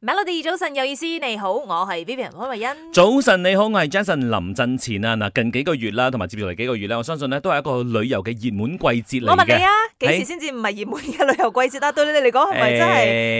Melody 早晨有意思，你好，我係 Vivian 潘慧欣。早晨你好，我係 Jason 林振前啊！嗱，近幾個月啦，同埋接住嚟幾個月咧，我相信咧都係一個旅遊嘅熱門季節嚟。我問你啊，幾時先至唔係熱門嘅旅遊季節啊？對你哋嚟講，係咪真係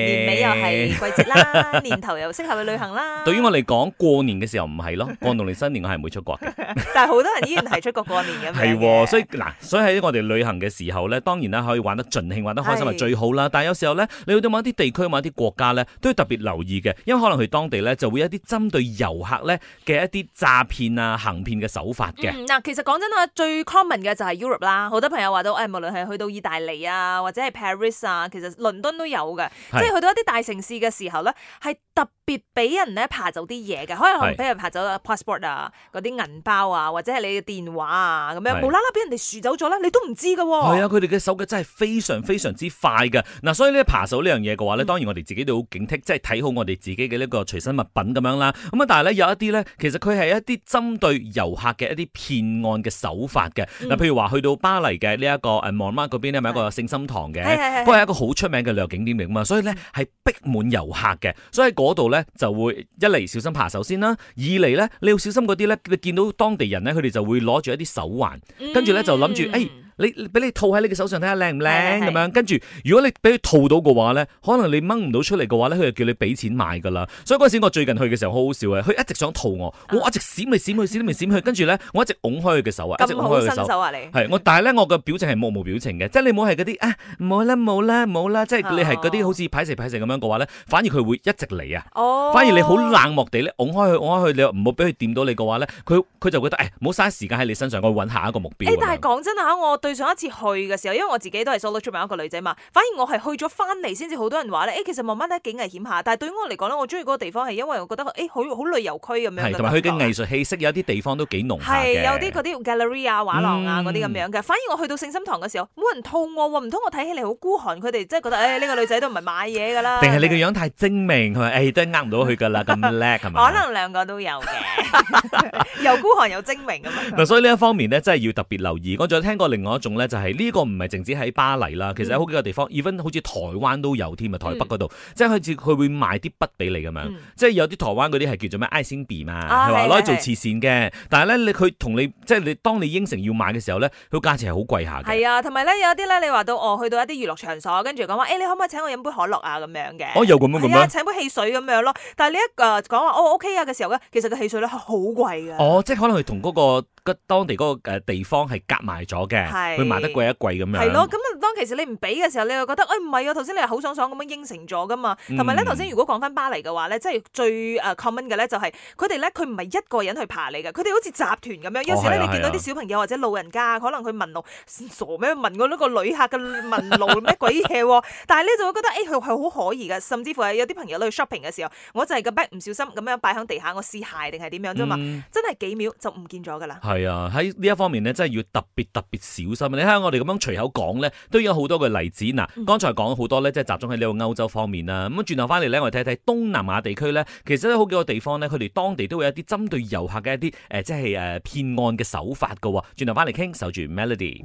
年尾又係季節啦？年頭又適合去旅行啦？對於我嚟講，過年嘅時候唔係咯，過農曆新年我係唔會出國嘅。但係好多人依然係出國過年嘅。係，所以嗱，所以喺我哋旅行嘅時候咧，當然啦，可以玩得盡興、玩得開心係最好啦。但係有時候咧，你去到某一啲地區、某一啲國家咧，都要特別。留意嘅，因為可能去當地咧就會有一啲針對遊客咧嘅一啲詐騙啊、行騙嘅手法嘅。嗯，嗱，其實講真啊，最 common 嘅就係 Europe 啦。好多朋友話到，誒，無論係去到意大利啊，或者係 Paris 啊，其實倫敦都有嘅。即係去到一啲大城市嘅時候咧，係特別俾人咧扒走啲嘢嘅。可能俾人扒走 passport 啊，嗰啲銀包啊，或者係你嘅電話啊，咁樣無啦啦俾人哋綁走咗咧，你都唔知嘅。係啊，佢哋嘅手腳真係非常非常之快嘅。嗱，所以咧扒手呢樣嘢嘅話咧，當然我哋自己都好警惕，即係睇。幾好我哋自己嘅呢個隨身物品咁樣啦，咁啊，但係咧有一啲咧，其實佢係一啲針對遊客嘅一啲騙案嘅手法嘅嗱。嗯、譬如話去到巴黎嘅呢、這個啊、一個誒，蒙馬嗰邊咧，咪一個聖心堂嘅，佢係一個好出名嘅旅遊景點嚟噶嘛，所以咧係、嗯、逼滿遊客嘅，所以嗰度咧就會一嚟小心爬手先啦，二嚟咧你要小心嗰啲咧，你見到當地人咧，佢哋就會攞住一啲手環，跟住咧就諗住誒。哎嗯你俾你套喺你嘅手上睇下靚唔靚咁樣，跟住是如果你俾佢套到嘅話咧，可能你掹唔到出嚟嘅話咧，佢就叫你俾錢買噶啦。所以嗰陣時我最近去嘅時候好好笑啊，佢一直想套我，啊、我一直閃嚟閃去閃嚟閃去，跟住咧我一直拱開佢嘅手，手，手啊，拱開佢嘅手啊你係我，但係咧我嘅表情係目無表情嘅、 啊，即係你冇係嗰啲啊冇啦冇啦冇啦，即係你係嗰啲好似擺成擺成咁樣嘅話咧，反而佢會一直嚟啊，哦、反而你好冷漠地咧拱開佢拱開佢，你唔好俾佢掂到你嘅話咧，佢佢就覺得誒唔好嘥時間喺你身上，我揾下一個目標。哎、但係講真吓我最上一次去嘅時候，因為我自己都係 solo 出名一個女仔嘛，反而我係去咗翻嚟先至好多人話咧，誒，其實慢慢都幾危險下，但係對於我嚟講咧，我中意嗰個地方係因為我覺得誒好好旅遊區咁樣嘅，係，同埋佢嘅藝術氣息有啲地方都幾濃嘅，係有啲嗰啲 gallery 啊畫廊啊嗰啲咁樣嘅，反而我去到聖心堂嘅時候冇人套我喎，唔通我睇起嚟好孤寒？佢哋真係覺得誒呢個女仔都唔係買嘢噶啦，定係你個樣太精明，係咪？誒都呃唔到佢噶啦，咁叻係嘛？可能兩個都有嘅，又孤寒又精明咁啊，嗱，所以呢一方面咧真係要特別留意。我仲聽過另外。仲咧就係呢個唔係淨止喺巴黎啦，其實喺好幾個地方，even 好似台灣都有添啊，台北嗰度，嗯、即係開始佢會賣啲筆俾你咁樣，嗯、即係有啲台灣嗰啲係叫做咩？愛心筆嘛，係話攞去做慈善嘅。啊、但係咧，你佢同你即係你當你應承要買嘅時候咧，佢價錢係好貴下嘅。係啊，同埋咧有啲咧，你話到我去到一啲娛樂場所，跟住講話，誒、欸、你可唔可以請我飲杯可樂啊咁樣嘅、啊？哦，有咁樣咁樣，請杯汽水咁樣咯。但係你一誒講話哦 OK 啊嘅時候咧，其實個汽水咧係好貴嘅。哦，即係可能係同嗰個。當地嗰個誒地方係夾埋咗嘅，佢賣的得貴一貴咁樣。係咯，咁啊當其實你唔俾嘅時候，你又覺得誒唔係啊？頭、哎、先你係好爽爽咁樣應承咗噶嘛？同埋咧，頭先如果講翻巴黎嘅話咧，即係最誒 common 嘅咧、就係，就係佢哋咧，佢唔係一個人去爬你嘅，佢哋好似集團咁樣。有時咧，哦、你見到啲小朋友的或者老人家，可能佢問路傻咩？問呢個旅客嘅問路咩鬼嘢？但係咧就會覺得誒、係、哎、好可疑噶。甚至乎係有啲朋友去 shopping 嘅時候，我就係個 bag 唔小心咁樣擺喺地下，我試鞋定係點樣啫嘛？嗯、真係幾秒就唔見咗噶啦。係啊，喺呢一方面咧，真係要特別特別小心，啊。你睇下我哋咁樣隨口講咧，都有好多嘅例子。嗱、啊，剛才講好多咧，即係集中喺呢個歐洲方面啦。咁啊，轉頭翻嚟咧，我哋睇睇東南亞地區咧，其實咧好幾個地方咧，佢哋當地都會有一啲針對遊客嘅一啲誒、呃，即係誒騙案嘅手法噶，啊。轉頭翻嚟傾，守住 Melody。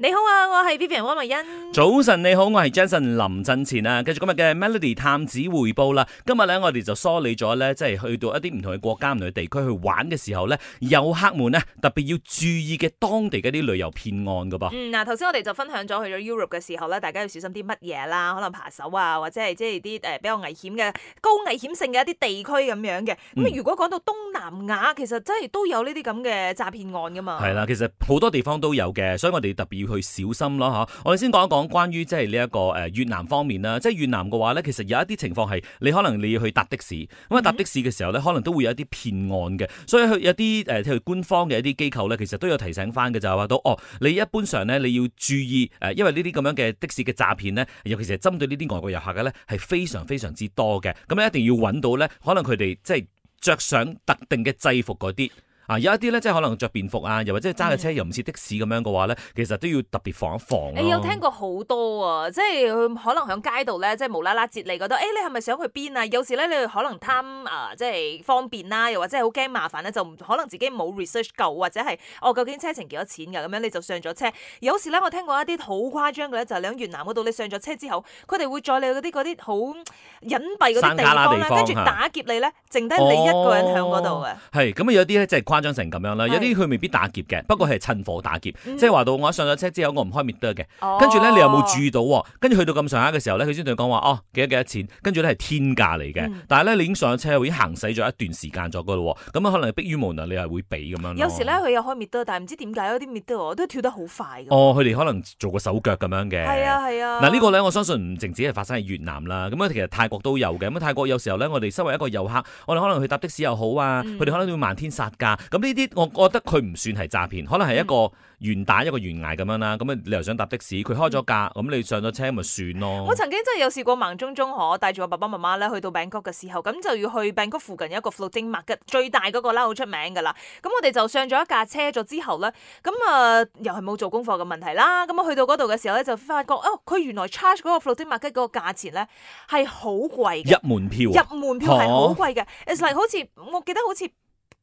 你好啊，我係 Vivian 溫文欣。早晨，你好，我係 Jason 林振前啊。繼續今日嘅 Melody 探子回報啦。今日咧，我哋就梳理咗咧，即係去到一啲唔同嘅國家唔同嘅地區去玩嘅時候咧，遊客們呢特別要注意嘅當地嘅啲旅遊騙案嘅噃。嗯，嗱、啊，頭先我哋就分享咗去咗 Europe 嘅時候咧，大家要小心啲乜嘢啦？可能扒手啊，或者係即係啲誒比較危險嘅高危險性嘅一啲地區咁樣嘅。咁如果講到東南亞，其實真係都有呢啲咁嘅詐騙案噶嘛。係啦、嗯，其實好多地方都有嘅，所以我哋特別要。去小心咯，吓！我哋先講一講關於即係呢一個誒越南方面啦，即係越南嘅話呢，其實有一啲情況係你可能你要去搭的士，咁啊搭的士嘅時候呢，可能都會有一啲騙案嘅，所以佢有啲誒，譬如官方嘅一啲機構呢，其實都有提醒翻嘅，就係話到哦，你一般上呢，你要注意誒、呃，因為呢啲咁樣嘅的、的士嘅詐騙呢，尤其是係針對呢啲外國遊客嘅呢，係非常非常之多嘅，咁咧一定要揾到呢，可能佢哋即係着上特定嘅制服嗰啲。啊，有一啲咧，即係可能着便服啊，又或者揸架車，又唔似的士咁樣嘅話咧，其實都要特別防一防、啊。你、欸、有聽過好多啊，即係佢可能喺街度咧，即係無啦啦截你嗰度。誒、欸，你係咪想去邊啊？有時咧，你可能貪啊，即係方便啦、啊，又或者好驚麻煩咧，就可能自己冇 research 夠、啊，或者係哦，究竟車程幾多錢㗎？咁樣你就上咗車。有時咧，我聽過一啲好誇張嘅咧，就喺、是、越南嗰度，你上咗車之後，佢哋會載你去啲嗰啲好隱蔽嗰啲地方、啊、啦地方、啊，跟住打劫你咧，啊啊、剩低你一個人喺嗰度嘅。係咁有啲咧即係誇成咁樣啦，是有啲佢未必打劫嘅，不過係趁火打劫，嗯、即係話到我上咗車之後我車，我唔開滅得嘅，跟住咧你有冇注意到？跟住去到咁上下嘅時候咧，佢先同你講話哦，幾多幾多錢？跟住咧係天價嚟嘅，嗯、但係咧你已經上咗車，已經行駛咗一段時間咗噶啦，咁啊可能逼於無奈，你係會俾咁樣。有時咧佢又開滅得，但係唔知點解有啲滅得，我都跳得好快。哦，佢哋可能做過手腳咁樣嘅。係啊係啊，嗱、啊、呢個咧我相信唔淨止係發生喺越南啦，咁其實泰國都有嘅。咁泰國有時候咧，我哋身為一個遊客，我哋可能去搭的士又好啊，佢哋可能會漫天殺價。咁呢啲，我覺得佢唔算係詐騙，可能係一個願打一個願捱咁樣啦。咁啊，你又想搭的士，佢開咗價，咁、嗯、你上咗車咪算咯。我曾經真係有試過，盲中中我帶住我爸爸媽媽咧，去到 Bangkok 嘅時候，咁就要去 Bangkok 附近有一個 floating market 最大嗰、那個啦，好出名噶啦。咁我哋就上咗一架車咗之後咧，咁啊、呃、又係冇做功課嘅問題啦。咁我去到嗰度嘅時候咧，就發覺哦，佢原來 charge 嗰個 floating market 嗰個價錢咧係好貴嘅。門啊、入門票，入門票係好貴嘅，It's like，好似我記得好似。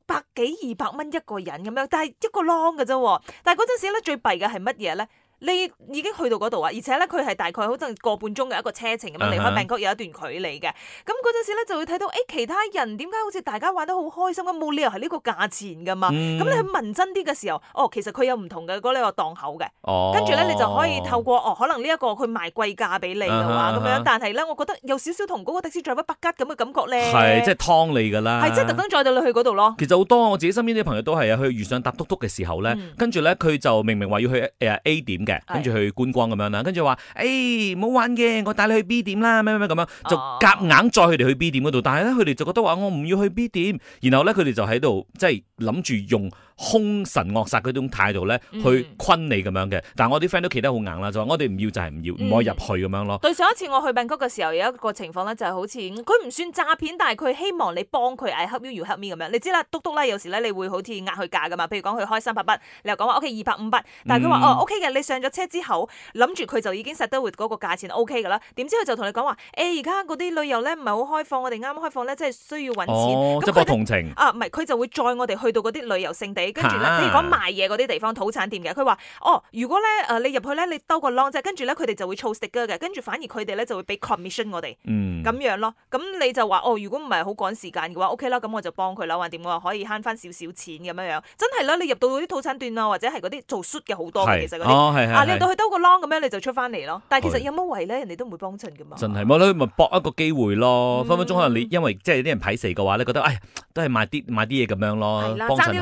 百幾二百蚊一個人咁樣，但係一個窿嘅啫，但係嗰陣時咧最弊嘅係乜嘢咧？你已經去到嗰度啊，而且咧佢係大概好似個半鐘嘅一個車程咁樣，離開曼谷有一段距離嘅。咁嗰陣時咧就會睇到，誒、欸、其他人點解好似大家玩得好開心，冇理由係呢個價錢噶嘛。咁、嗯、你去問真啲嘅時候，哦，其實佢有唔同嘅嗰呢個檔口嘅。跟住咧你就可以透過哦，可能呢一個去賣貴價俾你嘅話咁樣，但係咧我覺得有少少同嗰個迪士的士再屈不吉咁嘅感覺咧。係，即係劏你㗎啦。係，即係特登載到你去嗰度咯。其實好多我自己身邊啲朋友都係啊，去遇上搭嘟嘟嘅時候咧，嗯、跟住咧佢就明明話要去誒 A 點嘅。跟住去觀光咁樣啦，跟住話，誒、哎，唔好玩嘅，我帶你去 B 點啦，咩咩咩咁樣，就夾硬再佢哋去 B 點嗰度，但係咧，佢哋就覺得話我唔要去 B 點，然後咧，佢哋就喺度即係諗住用。凶神惡煞嗰種態度咧，去坤你咁樣嘅。但係我啲 friend 都企得好硬啦，就話我哋唔要就係唔要，唔、嗯、可以入去咁樣咯。對上一次我去賓館嘅時候，有一個情況咧，就係好似佢唔算詐騙，但係佢希望你幫佢唉，I help you，you help me 咁樣。你知啦，嘟嘟啦，有時咧你會好似壓佢價噶嘛。譬如講佢開三百蚊，你又講話 O K 二百五蚊，但係佢話哦 O K 嘅，你上咗車之後諗住佢就已經殺得活嗰個價錢 O K 噶啦。點知佢就同你講話，誒而家嗰啲旅遊咧唔係好開放，我哋啱啱開放咧，即係需要揾錢，即係、哦、同情。啊，唔係佢就會載我哋去到啲旅遊勝地。啊、跟住咧，譬如講賣嘢嗰啲地方，土產店嘅，佢話哦，如果咧誒你入去咧，你兜個窿，即係跟住咧佢哋就會操食㗎嘅，跟住反而佢哋咧就會俾 commission 我哋、嗯，咁樣咯。咁、嗯、你就話哦，如果唔係好趕時間嘅話，OK 啦，咁我就幫佢啦。橫掂我話可以慳翻少少錢咁樣樣，真係啦。你入到嗰啲土產店啊，或者係嗰啲做 suit 嘅好多嘅，是其實嗰啲、哦啊、你入到去兜個窿 o n 咁樣，你就出翻嚟咯。但係其實有乜為咧？人哋都唔會幫襯噶嘛。真係，冇啦，佢咪搏一個機會咯。嗯、分分鐘可能你因為即係啲人睇死嘅話你覺得哎呀，都係買啲買啲嘢咁樣咯，幫襯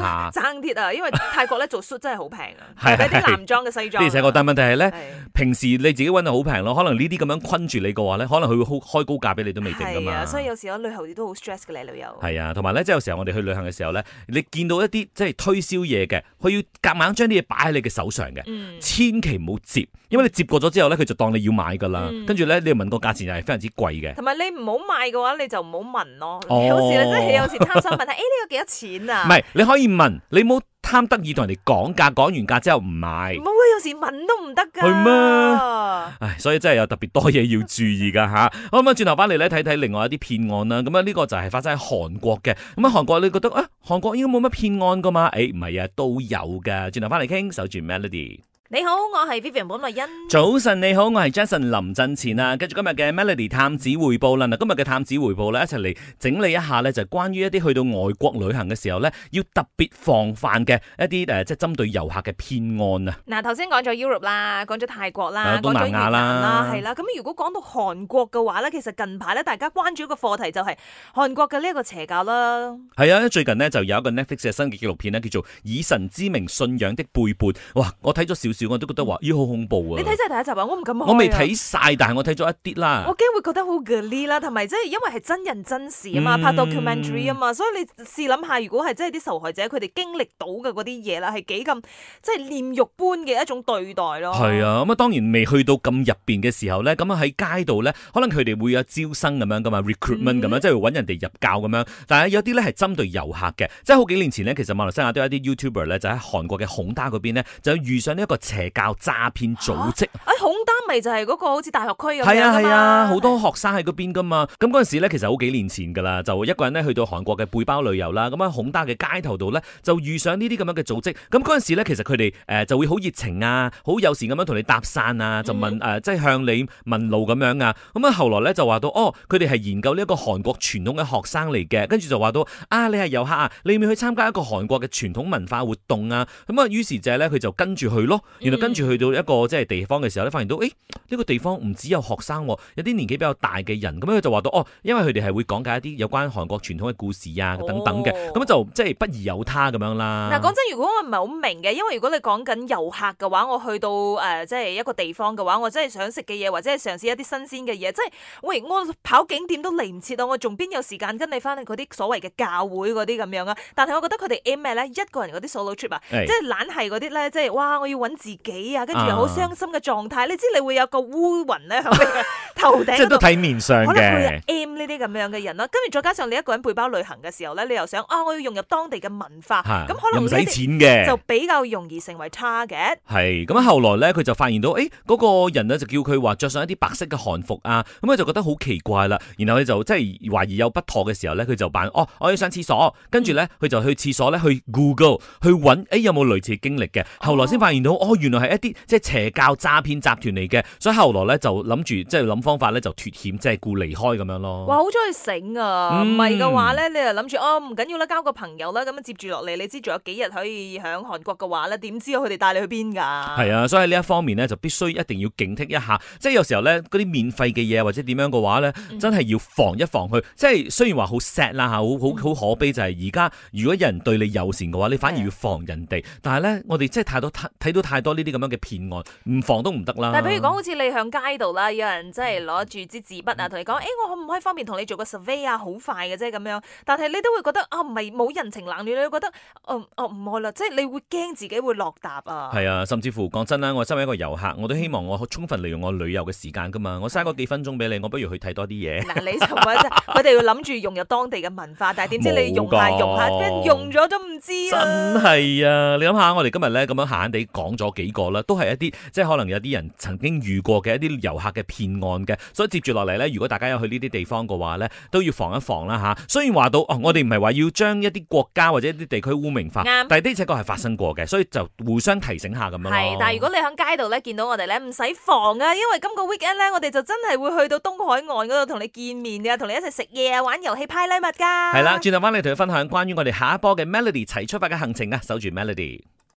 啦啊，因為泰國咧做 suit 真係好平啊，係啲 男裝嘅西裝。啲但 問題係咧，是平時你自己搵就好平咯，可能呢啲咁樣困住你嘅話咧，可能佢會開高價俾你都未定噶嘛，啊。所以有時我旅行都好 stress 嘅咧，旅遊。係啊，同埋咧，即係有時候我哋去旅行嘅時候咧，你見到一啲即係推銷嘢嘅，佢要夾硬將啲嘢擺喺你嘅手上嘅，嗯，千祈唔好接。因為你接過咗之後咧，佢就當你要買噶啦，跟住咧你又問個價錢又係非常之貴嘅，同埋你唔好買嘅話，你就唔好問咯。哦、有時咧真係有時貪心問問，問下誒呢個幾多錢啊？唔係，你可以問，你冇貪得意同人哋講價，講完價之後唔買，冇啊！有時問都唔得噶，係咩？唉，所以真係有特別多嘢要注意噶吓。好、啊、咁 好？轉頭翻嚟咧睇睇另外一啲騙案啦。咁啊呢個就係發生喺韓國嘅。咁啊韓國你覺得啊，韓國應該冇乜騙案噶嘛？誒唔係啊，都有噶。轉頭翻嚟傾守住 Melody。你好，我係 Vivian 本麗欣。早晨，你好，我係 Jason 林振前啊。跟住今日嘅 Melody 探子回報啦。嗱，今日嘅探子回報咧，一齊嚟整理一下呢，就係，關於一啲去到外國旅行嘅時候呢，要特別防範嘅一啲誒、啊，即係針對遊客嘅騙案啊。嗱，頭先講咗 Europe 啦，講咗泰國啦，講咗、啊、越南啦，係啦。咁如果講到韓國嘅話呢，其實近排呢，大家關注一個課題就係韓國嘅呢個邪教啦。係啊，最近呢，就有一個 Netflix 嘅新嘅紀錄片呢，叫做《以神之名信仰的背叛》。哇，我睇咗少。我都覺得話，咦，好恐怖啊！你睇晒第一集啊？我唔敢、啊、我未睇晒，但係我睇咗一啲啦。我驚會覺得好 gory 啦，同埋即係因為係真人真事啊嘛，嗯、拍 documentary 啊嘛，所以你試諗下，如果係真係啲受害者佢哋經歷到嘅嗰啲嘢啦，係幾咁即係煉獄般嘅一種對待咯。係啊，咁啊當然未去到咁入邊嘅時候咧，咁啊喺街度咧，可能佢哋會有招生咁樣噶嘛，recruitment 咁樣，樣嗯、即係揾人哋入教咁樣。但係有啲咧係針對遊客嘅，即係好幾年前咧，其實馬來西亞都有一啲 YouTuber 咧，就喺韓國嘅孔家嗰邊咧，就遇上呢、這、一個，邪教詐騙組織、啊，哎，孔丹咪就係嗰個好似大學區咁樣啊？係啊係啊，好多學生喺嗰邊噶嘛。咁嗰陣時咧，其實好幾年前噶啦，就一個人咧去到韓國嘅背包旅遊啦。咁、嗯、啊，孔丹嘅街頭度咧就遇上呢啲咁樣嘅組織。咁嗰陣時咧，其實佢哋誒就會好熱情啊，好友善咁樣同你搭訕啊，就問誒、嗯呃、即係向你問路咁樣啊。咁、嗯、啊，後來咧就話到，哦，佢哋係研究呢一個韓國傳統嘅學生嚟嘅，跟住就話到啊，你係遊客啊，你咪去參加一個韓國嘅傳統文化活動啊？咁啊，於是就係咧佢就跟住去咯。原來跟住去到一個即係地方嘅時候咧，發現到誒呢、欸這個地方唔只有學生、哦，有啲年紀比較大嘅人，咁樣佢就話到哦，因為佢哋係會講解一啲有關韓國傳統嘅故事啊等等嘅，咁、哦、就即係、就是、不二有他咁樣啦。嗱、啊，講真，如果我唔係好明嘅，因為如果你講緊遊客嘅話，我去到誒、呃、即係一個地方嘅話，我真係想食嘅嘢或者係嘗試一啲新鮮嘅嘢，即係喂我跑景點都嚟唔切到，我仲邊有時間跟你翻去嗰啲所謂嘅教會嗰啲咁樣啊？但係我覺得佢哋 M 咩咧，A，一個人嗰啲 solo trip 啊，即係懶係嗰啲咧，即係哇我要揾。自己啊，跟住又好傷心嘅狀態，啊、你知你會有個烏雲咧喺你頭頂， 即係都睇面上，嘅、啊，會 M 呢啲咁樣嘅人咯。跟住再加上你一個人背包旅行嘅時候咧，你又想啊，我要融入當地嘅文化，咁、啊、可能唔使錢嘅，就比較容易成為 target。係咁、啊，後來咧佢就發現到，誒、欸、嗰、那個人咧就叫佢話着上一啲白色嘅韓服啊，咁佢就覺得好奇怪啦。然後佢就即係懷疑有不妥嘅時候咧，佢就扮哦，我要上廁所，跟住咧佢就去廁所咧去 Google 去揾、欸，有冇類似經歷嘅，後來先發現到、哦原來係一啲即係邪教詐騙集團嚟嘅，所以後來咧就諗住即係諗方法咧就脫險，即係故離開咁樣咯。哇！好中意醒啊，唔係嘅話咧，你又諗住哦唔緊要啦，交個朋友啦，咁樣接住落嚟，你知仲有幾日可以喺韓國嘅話咧，點知佢哋帶你去邊㗎？係啊，所以呢一方面咧就必須一定要警惕一下，即係有時候咧嗰啲免費嘅嘢或者點樣嘅話咧， 真係要防一防佢。即係雖然話好 sad 啦嚇，好好好可悲，就係而家如果有人對你友善嘅話，你反而要防人哋。Yeah. 但係咧，我哋即係太多睇到太。太多呢啲咁樣嘅騙案，唔防都唔得啦。但係譬如講，好似你向街度啦，有人真係攞住支紙筆啊，同你講，誒、欸，我可唔可以方便同你做個 survey 啊？好快嘅啫咁樣，但係你都會覺得啊，唔係冇人情冷暖，你會覺得，哦誒，唔好啦，即係你會驚自己會落搭啊。係啊，甚至乎講真啦，我身為一個遊客，我都希望我充分利用我旅遊嘅時間㗎嘛，我嘥嗰幾分鐘俾你，我不如去睇多啲嘢。嗱， 你就我真係，我哋要諗住融入當地嘅文化，但係點知你用下用下，融一下融咗都唔知，啊。真係啊！你諗下，我哋今日咧咁樣閒閒地講咗。幾個啦，都係一啲即係可能有啲人曾經遇過嘅一啲遊客嘅騙案嘅，所以接住落嚟呢，如果大家有去呢啲地方嘅話呢，都要防一防啦吓。雖然話到哦，我哋唔係話要將一啲國家或者一啲地區污名化，對但係呢幾個係發生過嘅，所以就互相提醒下咁樣。但係如果你喺街度呢見到我哋呢，唔使防啊，因為今個 weekend 呢，我哋就真係會去到東海岸嗰度同你見面嘅，同你一齊食嘢啊，玩遊戲、派禮物噶。係啦，轉頭翻嚟同你分享關於我哋下一波嘅 Melody 齊出發嘅行程啊，守住 Melody。